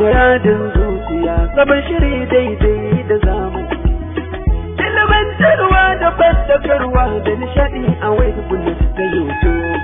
muradin zuciya zaman shiri daidai da zamani ilimantarwa da fadakarwa da nishadi a wai bullet da zuciya.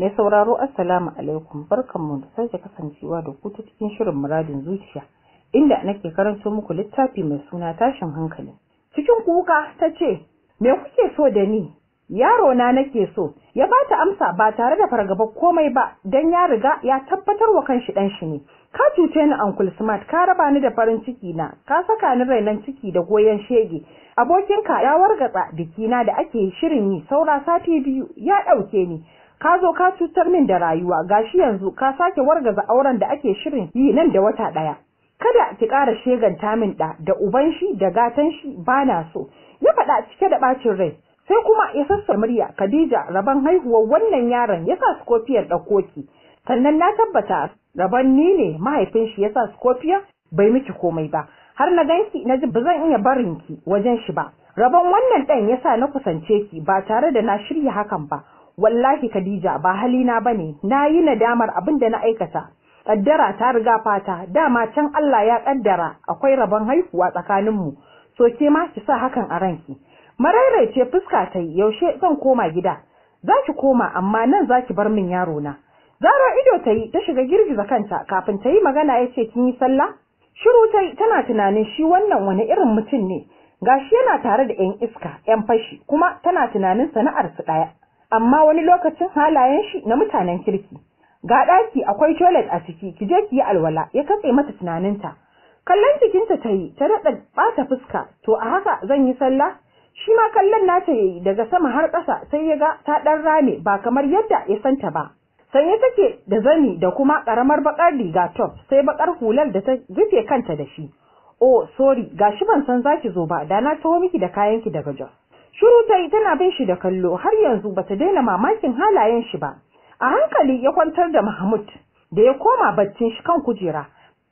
Mai sauraro Assalamu alaikum barkanmu da sake kasancewa da ku ta cikin shirin muradin zuciya inda nake karanto muku littafi mai suna tashin hankali. Cikin kuka ta ce, Me kuke so da ni? yaro na nake so ya bata amsa ba tare da fargaba komai ba dan ya riga ya tabbatar wa kanshi dan shi ne ka cuce ni uncle smart ka raba ni da farin ciki na ka saka ni rainan ciki da goyon shege Abokin ka ya wargatsa bikina da ake shirin yi saura sati biyu ya ɗauke ni ka zo ka cutar min da rayuwa gashi yanzu ka sake wargaza auren da ake shirin yi nan da wata ɗaya? kada ki ƙara sheganta min ɗa. da uban shi da gatan shi bana so ya faɗa cike da bacin rai sai kuma ya sassa murya Khadija rabon haihuwar wannan yaron ya sa Skopiyar ɗaukoki sannan na tabbata rabon ni ne mahaifin shi ya sa Skopiya bai miki komai ba har na ganki na ji ba zan iya barin ki wajen shi ba rabon wannan ɗan ya sa na kusance ki ba tare da na shirya hakan ba wallahi Khadija ba hali halina bane na yi nadamar abin da na aikata kaddara ta riga fata dama can Allah ya kaddara akwai rabon haihuwa tsakaninmu so ke ma ki sa hakan a ranki ce, fuska ta yi, yaushe zan koma gida zaki koma amma nan zaki bar min yaro na zara ido ta yi ta shiga girgiza kanta kafin ta yi magana ya ce kin yi sallah shiru ta yi tana tunanin shi wannan wani irin mutum ne gashi yana tare da yan iska yan fashi kuma tana tunanin sana'ar su ɗaya. amma wani lokacin halayen shi na mutanen kirki ga ɗaki akwai toilet a ciki ki je ki yi alwala ya katse mata tunaninta kallon jikinta ta yi ta daɗa ɓata fuska to a haka zan yi sallah shi ma kallon nata yayi daga sama har ƙasa sai ya ga ta ɗan rame ba kamar yadda ya santa ba sanye take da zani da kuma ƙaramar baƙar riga top sai baƙar hular da ta rufe kanta da shi oh sorry gashi ban san zaki zo ba da na taho miki da kayan ki daga jos shiru ta yi tana bin shi da kallo har yanzu bata daina mamakin halayen shi ba a hankali ya kwantar da mahmud da ya koma baccin shi kan kujera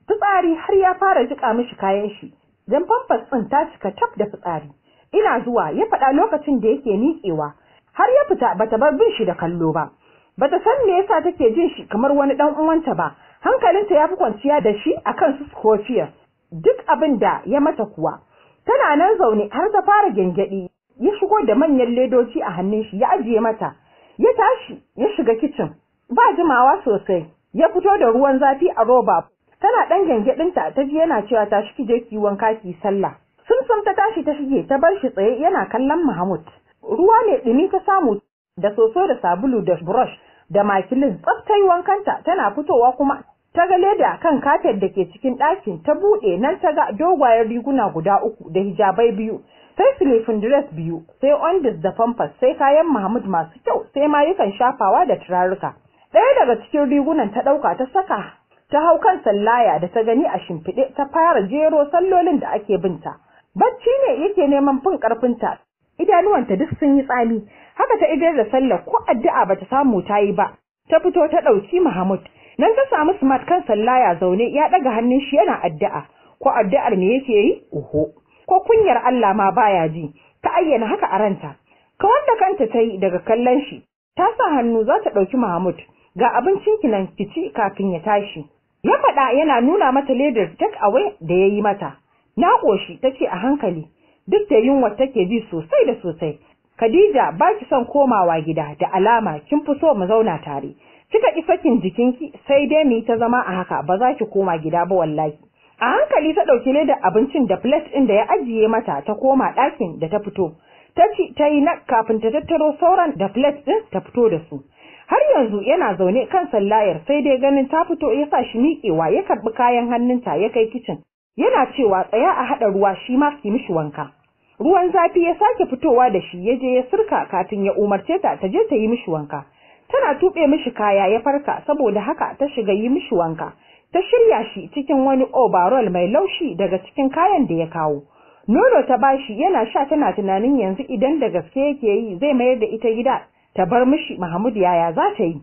fitsari har ya fara jiƙa mishi kayan shi don famfas ɗin ta cika tab da fitsari ina zuwa ya faɗa lokacin da yake miƙewa har ya fita bata bar bin shi da kallo ba bata san me yasa take jin shi kamar wani ɗan uwanta ba hankalinta ya fi kwanciya da shi akan su Scorpio duk abin da ya mata kuwa tana nan zaune har ta fara gengedi ya shigo da manyan ledoci a hannun shi ya ajiye mata ya tashi ya shiga kicin ba jimawa sosai ya fito da ruwan zafi a roba tana dan gengedinta ta ji yana cewa tashi ki je ki wanka ki sallah Sumsum ta tashi ta shige ta bar shi tsaye yana kallon Mahmud. Ruwa ne ɗumi ta samu da soso da sabulu da brush da makilin tsaftai wankanta tana fitowa kuma ta ga leda kan kafet da ke cikin ɗakin ta buɗe nan ta ga dogwayen riguna guda uku da hijabai biyu sai silifin dress biyu sai ondis da famfas sai kayan mahmud masu kyau sai mayukan shafawa da turaruka ɗaya daga cikin rigunan ta ɗauka ta saka ta hau kan sallaya da ta gani a shimfiɗe ta fara jero sallolin da ake binta bacci ne yake neman fin karfinta idanuwanta duk sun yi tsami haka ta idar da sallar ko addu'a bata samu ta yi ba ta fito ta ɗauki Mahmud nan ta samu smart kan ya zaune ya ɗaga hannun shi yana addu'a ko addu'ar me yake yi Uhu. ko kunyar Allah ma baya ji ta ayyana haka a ranta ka wanda kanta ta yi daga kallon shi ta sa hannu za ta ɗauki Mahmud ga abincin ki nan kici kafin ya tashi ya faɗa yana nuna mata ledar take away da ya yi mata na ƙoshi ta ce a hankali duk da yunwa take bi sosai da sosai Khadija ba ki son komawa gida da alama kin fi so mu zauna tare kika ki sakin jikinki sai dai mu ta zama a haka ba za ki koma gida ba wallahi a hankali ta ɗauki da abincin da plate ɗin da ya ajiye mata ta koma ɗakin da ta fito ta ci ta yi na kafin ta tattaro sauran da plate ɗin ta fito da su har yanzu yana zaune kan sallayar sai dai ganin ta fito ya sa shi miƙewa ya karɓi kayan hannunta ya kai kicin yana cewa tsaya a haɗa ruwa shi ma su mishi wanka ruwan zafi ya sake fitowa da shi ya je ya sirka katin ya umarce ta ta je ta yi mishi wanka tana tuɓe mishi kaya ya farka saboda haka ta shiga yi mishi wanka ta shirya shi cikin wani overall mai laushi daga cikin kayan da ya kawo nono ta bashi yana sha tana tunanin yanzu idan da gaske yake yi zai mayar da ita gida ta bar mishi Mahmud yaya za ta yi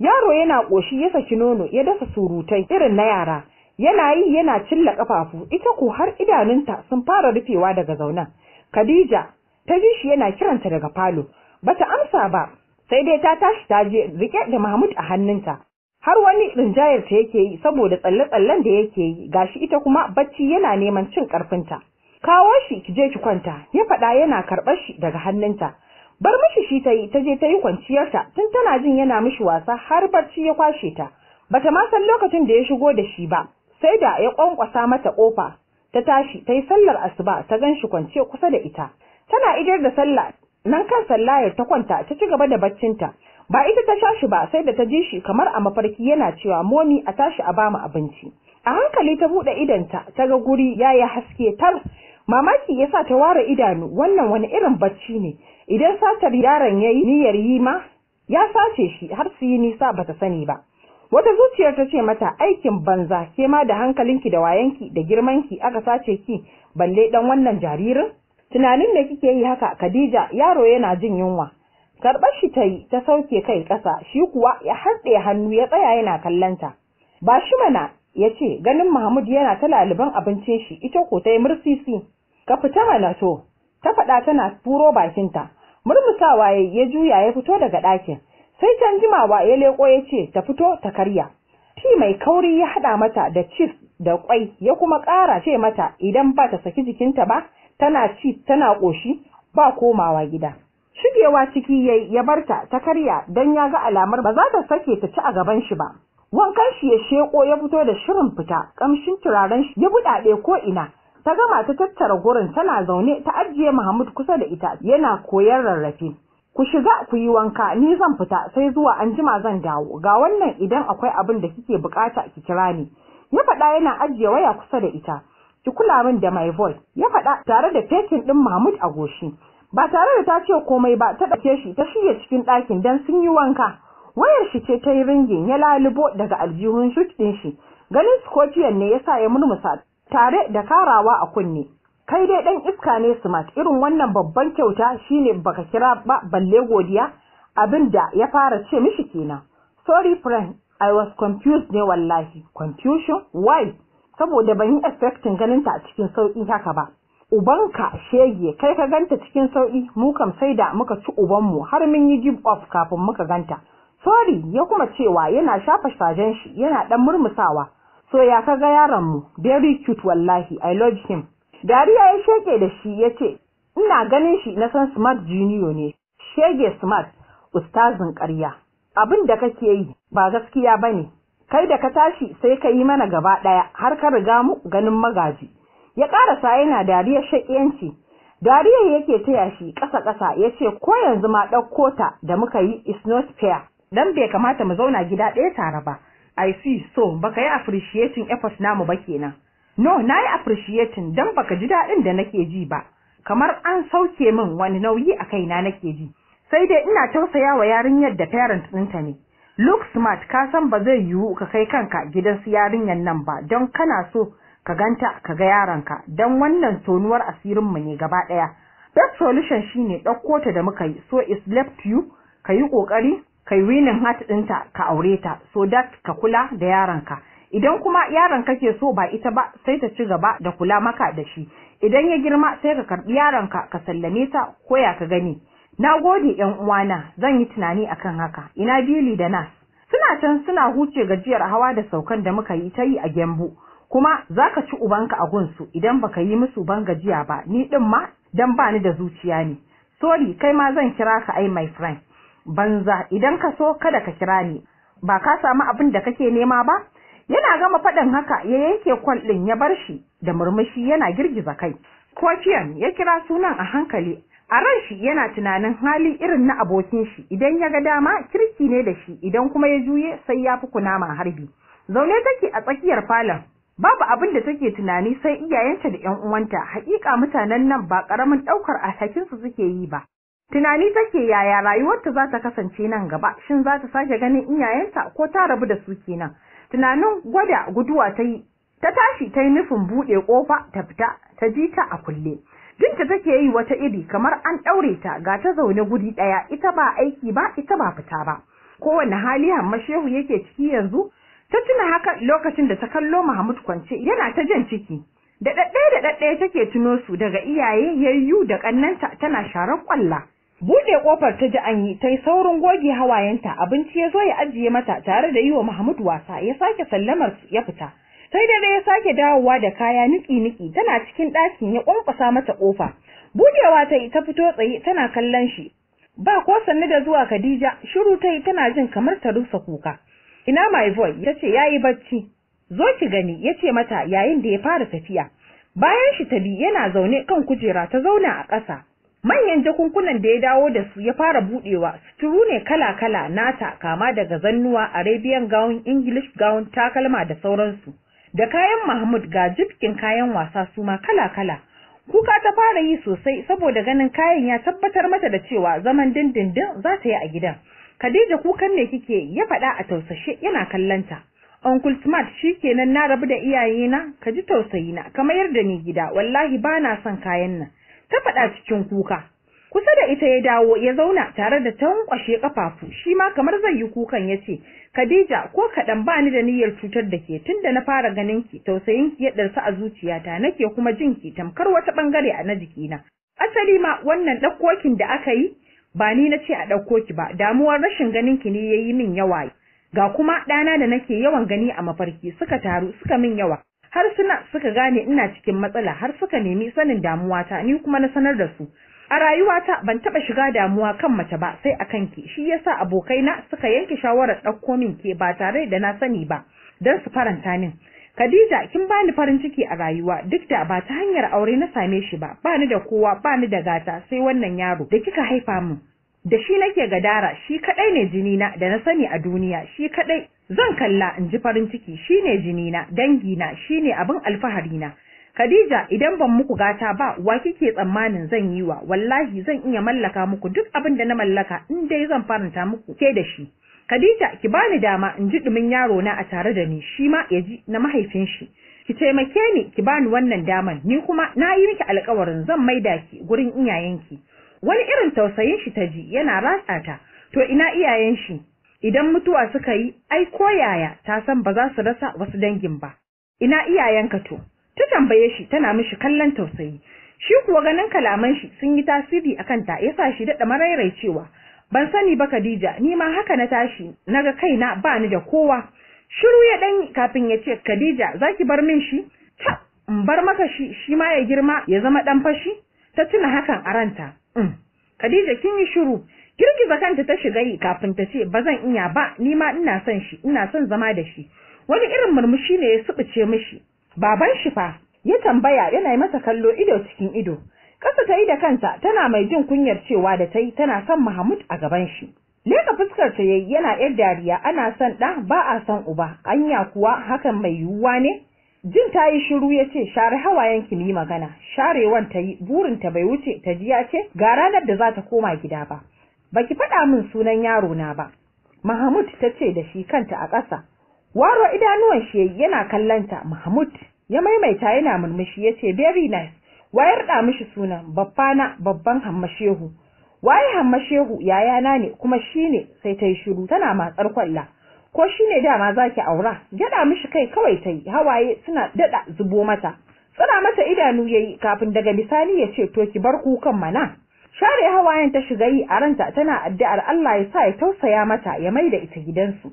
yaro yana ƙoshi ya saki nono ya dasa surutai irin na yara yana yi yana cilla kafafu ita ko har idanunta sun fara rufewa daga zauna Khadija ta ji shi yana kiranta daga falo bata amsa ba sai dai ta tashi ta je rike da Mahmud a hannunta har wani rinjayar ta yake yi saboda tsalle-tsallen da yake yi gashi ita kuma bacci yana neman cin karfinta kawo shi ki je ki kwanta ya faɗa yana karɓar shi daga hannunta bar mishi shi ta yi ta je ta yi kwanciyarta tun tana jin yana mishi wasa har barci ya kwashe ta bata ma san lokacin da ya shigo da shi ba sai da ya kwankwasa mata kofa ta tashi ta yi sallar asuba ta ganshi kwance kusa da ita tana idar da sallah nan kan sallayar ta kwanta ta ci gaba da baccinta ba ita ta sha shi ba sai da ta ji shi kamar a mafarki yana cewa momi a tashi a bamu abinci a hankali ta buɗe idanta ta ga guri yayi haske tar mamaki yasa ta ware idanu wannan wani irin bacci ne idan satar yaron yayi niyyar yi ma ya sace shi har su yi nisa bata sani ba wata zuciyar ta ce mata aikin banza ke ma da hankalinki da wayanki da girmanki aka sace ki balle dan wannan jaririn tunanin da kike yi haka Khadija yaro yana jin yunwa karɓar shi ta yi ta sauke kai ƙasa shi kuwa ya harɗe hannu ya tsaya yana kallanta ba shi mana ya ce ganin Mahmud yana ta laliban abincin shi ita ko ta yi mursisi ka fita mana to ta faɗa tana turo bakinta murmusawa ya juya ya fito daga ɗakin sai can jimawa ya leƙo ya ce ta fito ta karya ti mai kauri ya haɗa mata da chief da kwai ya kuma ƙara ce mata idan ba ta saki jikinta ba tana ci tana ƙoshi, ba komawa gida shigewa ciki yayi ya barta ta karya dan ya ga alamar ba za ta sake ta ci a gaban shi ba wankan shi ya sheko ya fito da shirin fita kamshin turaren shi ya buɗaɗe ko ina ta gama ta tattara gurin tana zaune ta ajiye Mahmud kusa da ita yana koyar rarrafe ku shiga ku yi wanka ni zan fita sai zuwa anjima zan dawo ga wannan idan akwai abin da kike bukata ki kira ni ya faɗa yana ajiye waya kusa da ita ki kula min da my voice ya faɗa tare da fetin ɗin Mahmud a goshi ba tare da ta ce komai ba ta ɗauke shi ta shige cikin ɗakin dan sun yi wanka wayar shi ce ta yi ringin ya lalubo daga aljihun shut ɗin shi ganin scorpion ne yasa ya murmusa tare da karawa a kunne kai dai ɗan iska ne smart irin wannan babban kyauta shine baka kira ba balle godiya abinda ya fara ce mishi kenan sorry friend i was confused ne wallahi confusion why saboda ban yi expecting ganin ta a cikin sauki haka ba ubanka shege kai ka ganta cikin sauki mu kam sai da muka ci uban mu har mun yi give off kafin muka ganta sorry ya kuma cewa yana shafa sajen shi yana dan murmusawa so ya kaga yaron mu very cute wallahi i love him dariya ya sheke da shi ya ce ina ganin shi na san smart junior ne shege smart ustazin karya abin da kake yi ba gaskiya ba ne kai da ka tashi sai ka yi mana gaba ɗaya har ka riga mu ganin magaji ya ƙara ƙarasa yana dariya shaƙiyanci dariya yake taya shi ƙasa-ƙasa ya ce ko yanzu ma ɗauko ta da muka yi is not fair dan bai kamata mu zauna gida ɗaya tare ba i see so baka yi appreciating efforts namu ba kenan no na yi appreciating don baka ji daɗin da nake ji ba kamar an sauke min wani nauyi a kaina nake ji sai dai ina tausaya wa yarinyar da parent ɗinta ne look smart ka san ba zai yiwu ka kai kanka gidan su yarinyar nan ba don kana so ka ganta ka ga yaranka don wannan tonuwar asirin mu ne gaba ɗaya best solution shine ɗauko ta da muka yi so is left you ka yi ƙoƙari Ka yi winin heart ɗinta ka aure ta so that ka kula da yaranka idan kuma yaron kake so ba ita ba sai ta ci gaba da kula maka da shi idan ya girma sai ka karbi yaronka ka sallame ta ko ya ka gani na gode yan uwana zan yi tunani akan haka ina bili da na? suna can suna huce gajiyar hawa da saukan da muka yi ta yi a gembu kuma za ka ci ubanka a gun su idan baka yi musu ban gajiya ba ni din ma dan ba ni da zuciya ne sori kai ma zan kira ka ai my friend banza idan ka so kada ka kira ni ba ka samu abin da kake nema ba yana gama faɗin haka ya yanke kwal ɗin ya bar shi da murmushi yana girgiza kai kofiyan ya kira sunan a hankali a ran shi yana tunanin hali irin na abokin shi idan ya ga dama kirki ne da shi idan kuma ya juye sai ya fi kunama harbi zaune take a tsakiyar falon babu abin da take tunani sai iyayenta da 'yan uwanta haƙiƙa mutanen nan ba ƙaramin ɗaukar alhakin su suke yi ba tunani take yaya rayuwarta za ta kasance nan gaba shin za ta sake ganin iyayenta ko ta rabu da su kenan tunanin gwada guduwa ta yi ta tashi ta yi nufin buɗe ƙofa ta fita ta ji ta a kulle jinta take yi wata iri kamar an ɗaure ta ga ta zaune guri ɗaya ita ba aiki ba ita ba fita ba kowane hali hamma shehu yake ciki yanzu ta tuna haka lokacin da ta kallo Mahmud kwance yana ta jan ciki da ɗaɗɗaya da ɗaɗɗaya take tuno su daga iyaye yayyu da ƙannanta tana sharar ƙwalla Buɗe ƙofar ta ji an yi ta saurin goge hawayenta abinci ya zo ya ajiye mata tare da yi wa Mahmud wasa ya sake sallamar ya fita. Sai dare ya sake dawowa da kaya niki-niki tana cikin ɗakin ya ƙwanƙwasa mata ƙofa. Budewa ta yi ta fito tsaye tana kallon shi. Ba ko sanni da zuwa Khadija shiru ta yi tana jin kamar ta rusa kuka. Ina my boy ya ce ya yi bacci. Zo ki gani ya ce mata yayin da ya fara tafiya. Bayan shi ta bi yana zaune kan kujera ta zauna a ƙasa. manyan jakunkunan da ya dawo da su ya fara budewa suturu ne kala-kala nata kama daga zannuwa arabian gown english gown takalma da sauransu da kayan mahmud ga jibkin kayan wasa su ma kala-kala kuka ta fara yi sosai saboda ganin kayan ya tabbatar mata da cewa zaman dindindin za ta yi a gidan khadija kukan ne kike ya faɗa a tausashe yana kallanta Uncle Smart kenan na rabu da iyayena ka ji tausayina ka mayar da ni gida wallahi ba na son kayan nan ta faɗa cikin kuka kusa da ita ya dawo ya zauna tare da ta tankwashe kafafu shi ma kamar zai yi kukan ya ce Khadija ko kaɗan ba ni da niyyar cutar da ke tunda na fara ganin ki tausayin ki ya ɗarsa a zuciyata nake kuma jin ki tamkar wata ɓangare a na jikina asali ma wannan ɗaukokin da aka yi ba ni na ce a ɗauko ki ba damuwar rashin ganin ki ne ya yi min yawa ga kuma ɗana da nake yawan gani a mafarki suka taru suka min yawa har suna suka gane ina cikin matsala har suka nemi sanin damuwata ni kuma na sanar da su a rayuwata ban taba shiga damuwa kan mace ba sai a kanki. shi yasa abokaina suka yanke shawarar ɗauko min ke ba tare da na sani ba don su faranta min Khadija kin bani farin ciki a rayuwa duk da ba ta hanyar aure na same shi ba bani da kowa bani da gata sai wannan yaro da kika haifa min da shi nake gadara shi kadai ne jinina da na sani a duniya shi kadai zan kalla in ji farin ciki Shi ne jinina dangina ne abin alfahari na Khadija idan ban muku gata ba wa kike tsammanin zan yi wa wallahi zan iya mallaka muku duk abin da na mallaka in dai zan faranta muku ke da shi Khadija ki bani dama in ji dumin yaro na a tare da ni shi ma ya ji na mahaifin shi ki taimake ni ki bani wannan daman ni kuma na yi miki alƙawarin zan maida ki gurin iyayenki wani irin tausayin shi ta ji yana ratsa ta to ina iyayen shi idan mutuwa suka yi ai ko yaya ta san ba za su rasa wasu dangin ba ina iyayen ka to ta tambaye shi tana mishi kallon tausayi shi kuwa ganin kalaman shi sun yi tasiri akan ta yasa shi daɗa marairai cewa ban sani ba Khadija ni ma haka na tashi naga kaina ba ni da kowa shiru ya dan kafin ya ce Khadija zaki bar min shi ta bar maka shi shi ma ya girma ya zama ɗan fashi ta tuna hakan a ranta Mm. Khadija kin yi shiru girgiza kanta ta shiga yi kafin ta ce ba zan iya ba ni ma ina son shi ina son zama da shi wani irin murmushi ne ya subuce mishi baban shi fa ya tambaya yana yi masa kallo ido cikin ido kasa ta yi da kanta tana mai jin kunyar cewa da ta yi tana son Mahmud a gaban shi leka fuskar ta yayi yana yar dariya ana son da ba a son uba anya kuwa hakan mai yiwuwa ne Jin ta yi shiru ya ce, share hawayen ki yi magana, sharewan ta yi burinta bai wuce ta ji ya ce, ga ranar da za ta koma gida ba. Baki faɗa min sunan yaro na ba. Mahmud ta ce da shi kanta a ƙasa. Waro idanuwan shi yana kallanta Mahmud ya maimaita yana murmushi ya ce, very nice. Wayar da mishi sunan babbana babban hammashehu. Waye hammashehu yayana ne kuma shi ne sai ta yi shiru tana matsar kwalla. ko shi ne dama za ki aura gyaɗa mishi kai kawai ta hawaye suna daɗa zubo mata tsira mata idanu ya yi kafin daga bisani ya ce to ki bar kukan mana share hawayen ta shiga yi a ranta tana addu'ar Allah ya sa ya tausaya mata ya mai da ita gidansu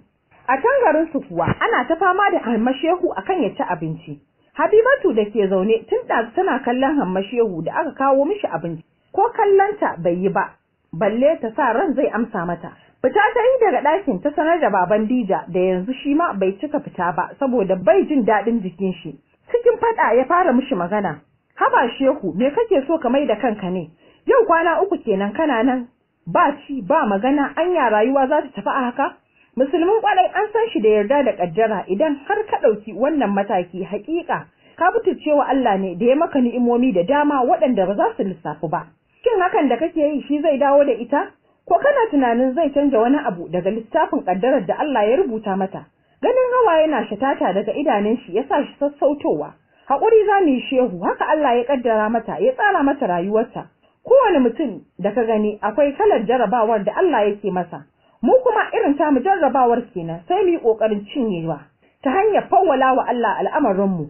a can garin su kuwa ana ta fama da Hammashehu akan ya ci abinci Habibatu da ke zaune tun da tana kallon Hammashehu da aka kawo mishi abinci ko kallonta bai yi ba balle ta sa ran zai amsa mata Fita ta yi daga ɗakin ta sanar da baban Dija da yanzu shi ma bai cika fita ba saboda bai jin daɗin jikin shi. Cikin faɗa ya fara mishi magana. Haba shehu me kake so ka mai da kanka ne? Yau kwana uku kenan kana nan ba ci ba magana anya rayuwa za ta tafi a haka? Musulmin kwarai an san shi da yarda da ƙaddara idan har ka ɗauki wannan mataki haƙiƙa ka cewa Allah ne da ya maka ni'imomi da dama waɗanda ba za su lissafu ba. Shin hakan da kake yi shi zai dawo da ita? ko kana tunanin zai canja wani abu daga littafin kaddarar da Allah ya rubuta mata ganin hawa yana shatata daga idanun shi yasa shi sassautowa hakuri zamu shehu haka Allah ya kaddara mata ya tsara mata rayuwarta kowane mutum da ka gani akwai kalar jarrabawar da Allah yake masa mu kuma irin ta mu jarrabawar kenan sai mu yi kokarin cinyewa ta hanyar fawwala wa Allah al'amarin mu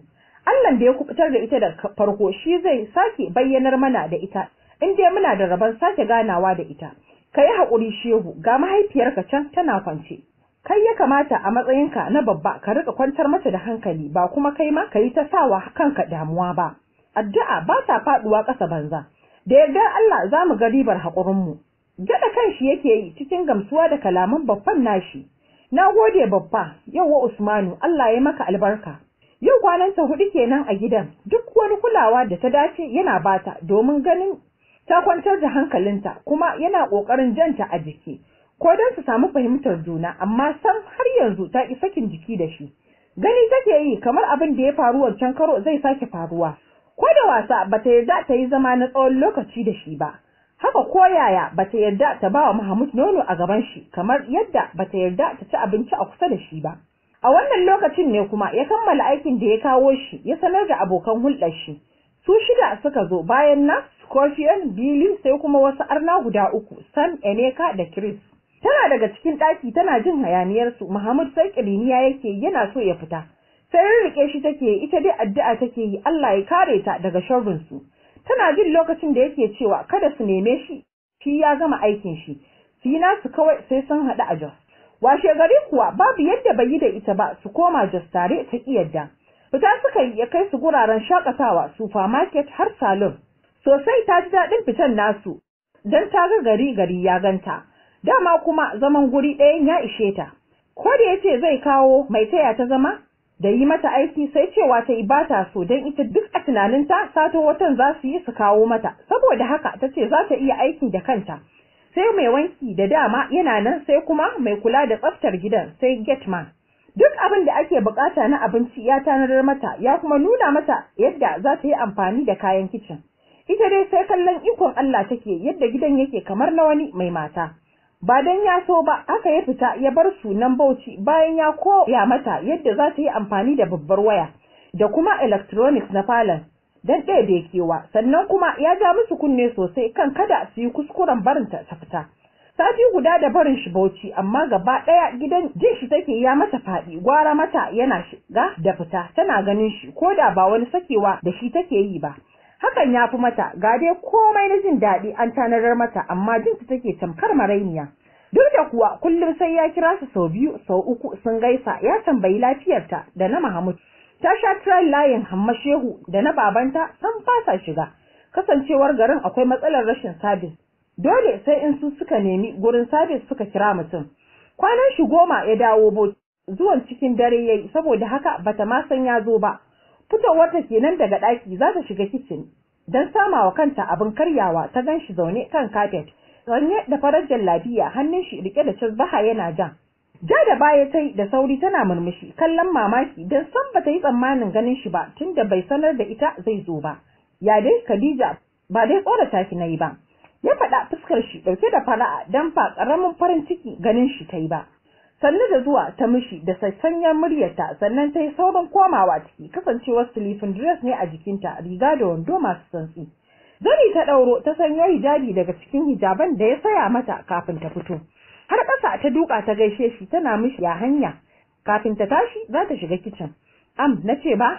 Allah da ya kubutar da ita da farko shi zai sake bayyanar mana da ita in dai muna da rabon sake ganawa da ita Ka yi haƙuri shehu ga mahaifiyarka can tana kwance. Kai ya kamata a matsayinka na babba ka riƙa kwantar mata da hankali ba kuma kai ma ka yi ta sawa kanka damuwa ba. Addu'a ba ta faɗuwa ƙasa banza. Da yadda Allah za mu ga ribar haƙurinmu. Gyaɗa kan shi yake yi cikin gamsuwa da kalaman babban nashi. Na gode babba, yauwa Usmanu, Allah ya maka albarka. Yau kwanan kwananta hudu kenan a gidan, duk wani kulawa da ta dace yana bata domin ganin ta kwantar da hankalinta kuma yana ƙoƙarin janta a jiki ko don su samu fahimtar juna amma sam har yanzu ta ki sakin jiki da shi gani take yi kamar abin da ya faru wancan karo zai sake faruwa ko da wasa bata yarda ta yi zama na tsawon lokaci da shi ba haka ko yaya bata yarda ta ba wa Mahmud nono a gaban shi kamar yadda bata yarda ta ci abinci a kusa da shi ba a wannan lokacin ne kuma ya kammala aikin da ya kawo shi ya sanar da abokan hulɗar shi su shida suka zo bayan nan Scorpion, Billy sai kuma wasu arna guda uku, Sam, Eneka da Chris. Tana daga cikin ɗaki tana jin hayaniyarsu, Muhammad sai ƙiriniya yake yana so ya fita. Sai rike shi take yi, ita dai addu'a take yi, Allah ya kare ta daga sharrinsu. Tana jin lokacin da yake cewa kada su neme shi, shi ya gama aikin shi. Su yi nasu kawai sai sun haɗu a Jos. Washe gari kuwa babu yadda bai yi da ita ba su koma Jos tare ta ƙi yadda. Fita suka yi ya kai su guraren shakatawa, supermarket har salon. sosai ta ji daɗin fitan nasu don ta ga gari gari ya ganta dama kuma zaman guri ɗayan ya ishe ta ko da yace zai kawo mai taya ta zama da yi mata aiki sai cewa ta yi bata so don ita duk a tunaninta sato watan za su yi su kawo mata saboda haka ta ce za ta iya aiki da kanta sai mai wanki da dama yana nan sai kuma mai kula da tsaftar gidan sai getman duk abin da ake bukata na abinci ya tanadar mata ya kuma nuna mata yadda za ta yi amfani da kayan kicin ita dai sai kallon ikon Allah take yadda gidan yake kamar na wani mai mata ba dan ya so ba haka ya fita ya bar su nan Bauchi bayan ya koya mata yadda za ta yi amfani da babbar waya da kuma electronics na falon dan ɗaya da kewa sannan kuma ya ja musu kunne sosai kan kada su yi kuskuren barin ta fita sati guda da barin shi bauchi amma gaba ɗaya gidan jin shi take ya mata faɗi gwara mata yana shiga da fita tana ganin shi ko da ba wani sakewa da shi take yi ba hakan ya fi mata ga dai komai na jin daɗi an tanarar mata amma jinta take tamkar marainiya duk da kuwa kullum sai ya kira su sau biyu sau uku sun gaisa ya tambayi lafiyarta da na Mahamud ta sha trial layin Hamma Shehu da na babanta san fasa shiga kasancewar garin akwai matsalar rashin sabis dole sai in su suka nemi gurin sabis suka kira mutum kwanan shi goma ya dawo bot zuwan cikin dare yayi saboda haka bata ma san ya zo ba fitowar ta kenan daga ɗaki za ta shiga kicin don sama wa kanta abin karyawa ta gan shi zaune kan kafet sanye da farar jallabiya hannun shi rike da cizbaha yana ja ja da baya ta yi da sauri tana murmushi kallon mamaki don san ba ta yi tsammanin ganin shi ba tun da bai sanar da ita zai zo ba ya dai Khadija ba dai tsorata ki yi ba ya faɗa fuskar shi ɗauke da fara'a don ba ƙaramin farin ciki ganin shi ta yi ba sannu da zuwa ta mishi da sassanyar muryarta sannan ta yi saurin komawa ciki kasancewar silifin dress ne a jikinta riga da wando masu santsi zani ta ɗauro ta sanyoyi hijabi daga cikin hijaban da ya saya mata kafin ta fito har ƙasa ta duka ta gaishe shi tana mishi ya hanya kafin ta tashi za ta shiga kicin am na ce ba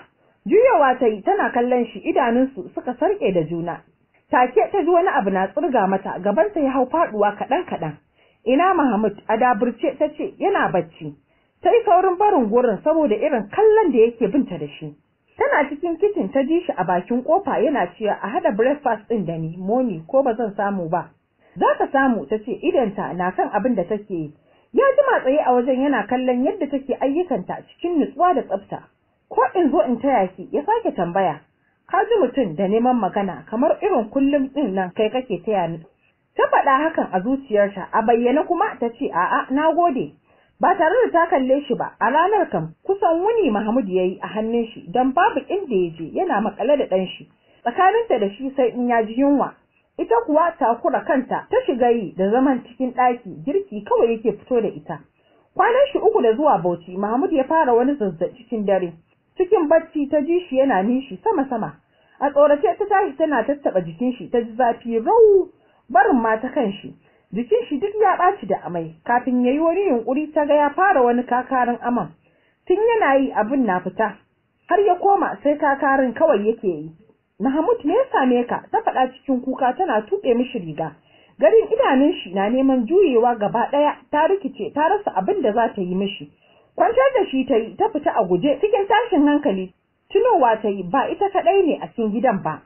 juyawa ta yi tana kallon shi idanunsu suka sarƙe da juna take ta ji wani abu na tsirga mata gaban ta ya hau faɗuwa kaɗan kaɗan ina Mahmud a daburce ta ce yana bacci ta yi saurin barin gurin saboda irin kallon da yake binta da shi tana cikin kicin ta ji shi a bakin kofa yana cewa a hada breakfast ɗin da ni momi ko ba zan samu ba za ka samu ta ce idanta na kan abin da take yi ya jima tsaye a wajen yana kallon yadda take ayyukanta cikin nutsuwa da tsafta ko in zo in taya ki ya sake tambaya ka ji mutum da neman magana kamar irin kullum din nan kai kake taya ni. ta faɗa hakan a zuciyarta a bayyane kuma ta ce a'a na gode ba tare da ta kalle shi ba a ranar kan kusan wuni Mahmud ya yi a hannun shi don babu inda ya je yana makale da ɗan shi tsakaninta da shi sai in ya ji yunwa ita kuwa takura kanta ta shiga yi da zaman cikin ɗaki girki kawai yake fito da ita kwanan shi uku da zuwa Bauchi Mahmud ya fara wani zazzaɓi cikin dare cikin bacci ta ji shi yana nishi sama sama a tsorace ta tashi tana tattaɓa jikin shi ta ji zafi rau barin ma ta kan shi jikin shi duk ya ɓaci da amai kafin yayi wani yunkuri ta ga ya fara wani kakarin aman tun yana yi abin na fita har ya koma sai kakarin kawai yake yi Mahmud me ya same ka ta faɗa cikin kuka tana tuɓe mishi riga garin idanun shi na neman juyewa gaba ɗaya ta rikice ta rasa abin da za ta yi mishi kwantar da shi ta yi ta fita a guje cikin tashin hankali tunowa ta yi ba ita kaɗai ne a cikin gidan ba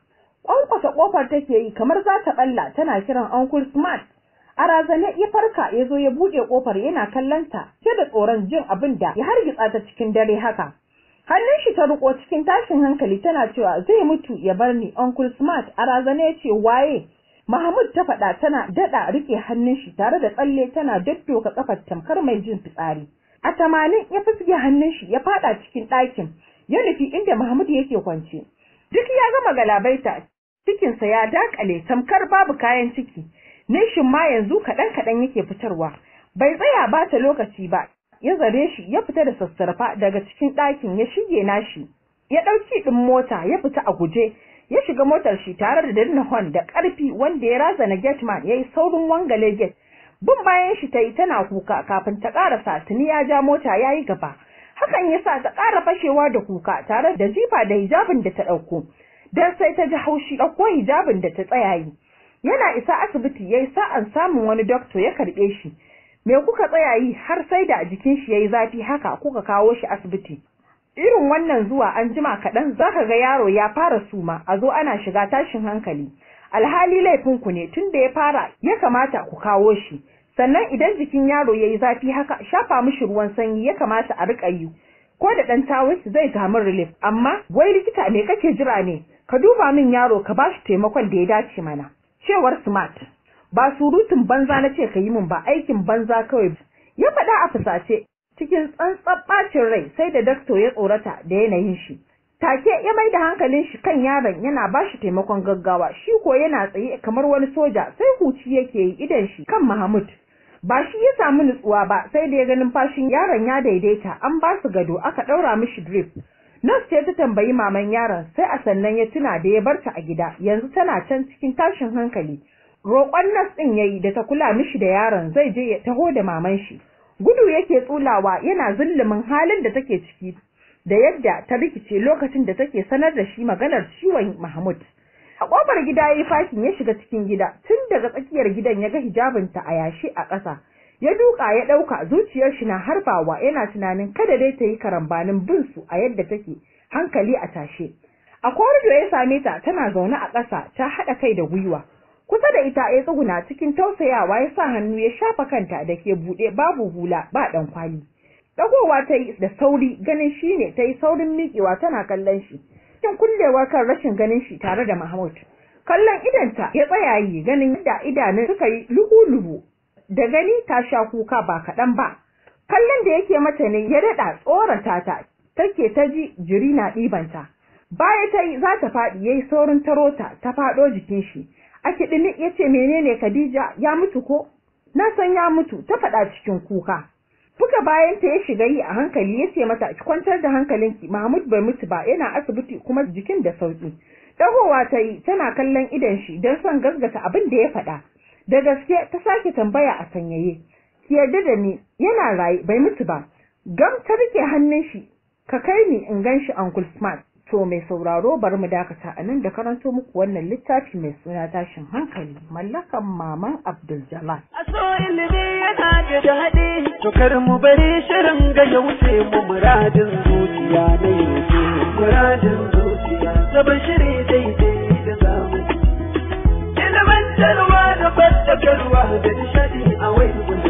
kwankwata kofar take yi kamar za ta balla tana kiran Uncle Smart a razane ya farka ya zo ya buɗe kofar yana kallon ta ke da tsoron jin abin da ya hargitsa ta cikin dare haka hannun shi ta riko cikin tashin hankali tana cewa zai mutu ya bar ni Uncle Smart a razane ya ce waye Mahmud ta faɗa tana daɗa riƙe hannun shi tare da tsalle tana daddoka ƙafar tamkar mai jin fitsari. A tamanin ya fisge hannun shi ya faɗa cikin ɗakin ya nufi inda Mahmud yake kwance. Duk ya gama galabaita cikinsa ya dakale tamkar babu kayan ciki nishin ma yanzu kaɗan kaɗan yake fitarwa bai tsaya ba ta lokaci ba ya zare shi ya fita da sassarfa daga cikin ɗakin ya shige nashi ya ɗauki ɗin mota ya fita a guje ya shiga motar shi tare da danna hon da ƙarfi wanda ya razana man ya yi saurin wangale gate bin bayan shi ta yi tana kuka kafin ta ƙarasa tuni ya ja mota ya yi gaba hakan ya sa ta ƙara fashewa da kuka tare da jifa da hijabin da ta ɗauko dan sai ta ji haushi ɗauko hijabin da ta tsaya yi yana isa asibiti yayi sa'an samun wani doctor ya karɓe shi me kuka tsaya yi har sai da jikin shi yayi zafi haka kuka kawo shi asibiti irin wannan zuwa an jima kaɗan zaka ga yaro ya fara suma a zo ana shiga tashin hankali alhali laifin ku ne tunda ya fara ya kamata ku kawo shi sannan idan jikin yaro yayi zafi haka shafa mishi ruwan sanyi ya kamata a riƙa yi ko da ɗan tawis zai samu relief amma wai likita me kake jira ne ka duba min yaro ka ba shi taimakon da ya dace mana cewar smart ba surutun banza na ce ka yi min ba aikin banza kawai ya faɗa a fusace cikin tsantsan ɓacin rai sai da dakto ya tsorata da yanayin shi take ya mai da hankalin shi kan yaron yana ba shi taimakon gaggawa shi ko yana tsaye kamar wani soja sai huci yake yi idan shi kan Mahmud ba shi ya samu nutsuwa ba sai da ya ganin fashin yaron ya daidaita an ba su gado aka ɗaura mishi drip Nas ce ta tambayi maman yaron sai a sannan ya tuna da ya barta a gida yanzu tana can cikin tashin hankali. Roƙon nas ɗin ya yi da ta kula mishi da yaron zai je ya taho da maman shi. Gudu yake tsulawa yana zullumin halin da take ciki da yadda ta rikice lokacin da take sanar da shi maganar ciwon Mahmud. A ƙofar gida ya yi fakin ya shiga cikin gida tun daga tsakiyar gidan ya ga hijabinta a yashi a ƙasa. ya duka ya dauka zuciyar shi na harbawa yana tunanin kada dai ta yi karambanin bin su a yadda take hankali a tashe a korido ya same ta tana zaune a ƙasa ta haɗa kai da gwiwa kusa da ita ya tsuguna cikin tausayawa ya sa hannu ya shafa kanta da ke buɗe babu hula ba ɗan kwali dagowa ta yi da sauri ganin shi ne ta yi saurin miƙewa tana kallon shi cikin kullewa kan rashin ganin shi tare da mahmud kallon idanta ya tsaya ganin yadda idanun suka yi lugu-lugu da gani ta sha kuka ba kaɗan ba kallon da yake mata ne ya daɗa tsorata ta take ta ji jiri na ɗibanta baya ta yi za ta faɗi ya yi saurin tarota ta faɗo jikin shi a kiɗini ya ce menene Khadija ya mutu ko na san ya mutu ta faɗa cikin kuka buga bayanta ya shiga yi a hankali ya ce mata ki kwantar da hankalinki Mahmud bai mutu ba yana asibiti kuma jikin da sauki dagowa ta yi tana kallon idon shi don son gaggata abin da ya faɗa da gaske ta sake tambaya a sanyaye ki yarda da ni yana rayu bai mutu ba gam ta rike hannun shi ka kai ni in gan shi uncle smart to mai sauraro bari mu dakata a nan da karanto muku wannan littafi mai suna tashin hankali mallakan maman Abdul Jalal. A so ilimi yana da daɗi, kar mu bari shirin ga mu muradin zuciya da yanzu. Muradin zuciya, sabon shiri daidai da zamu. zubar da nishadi a wai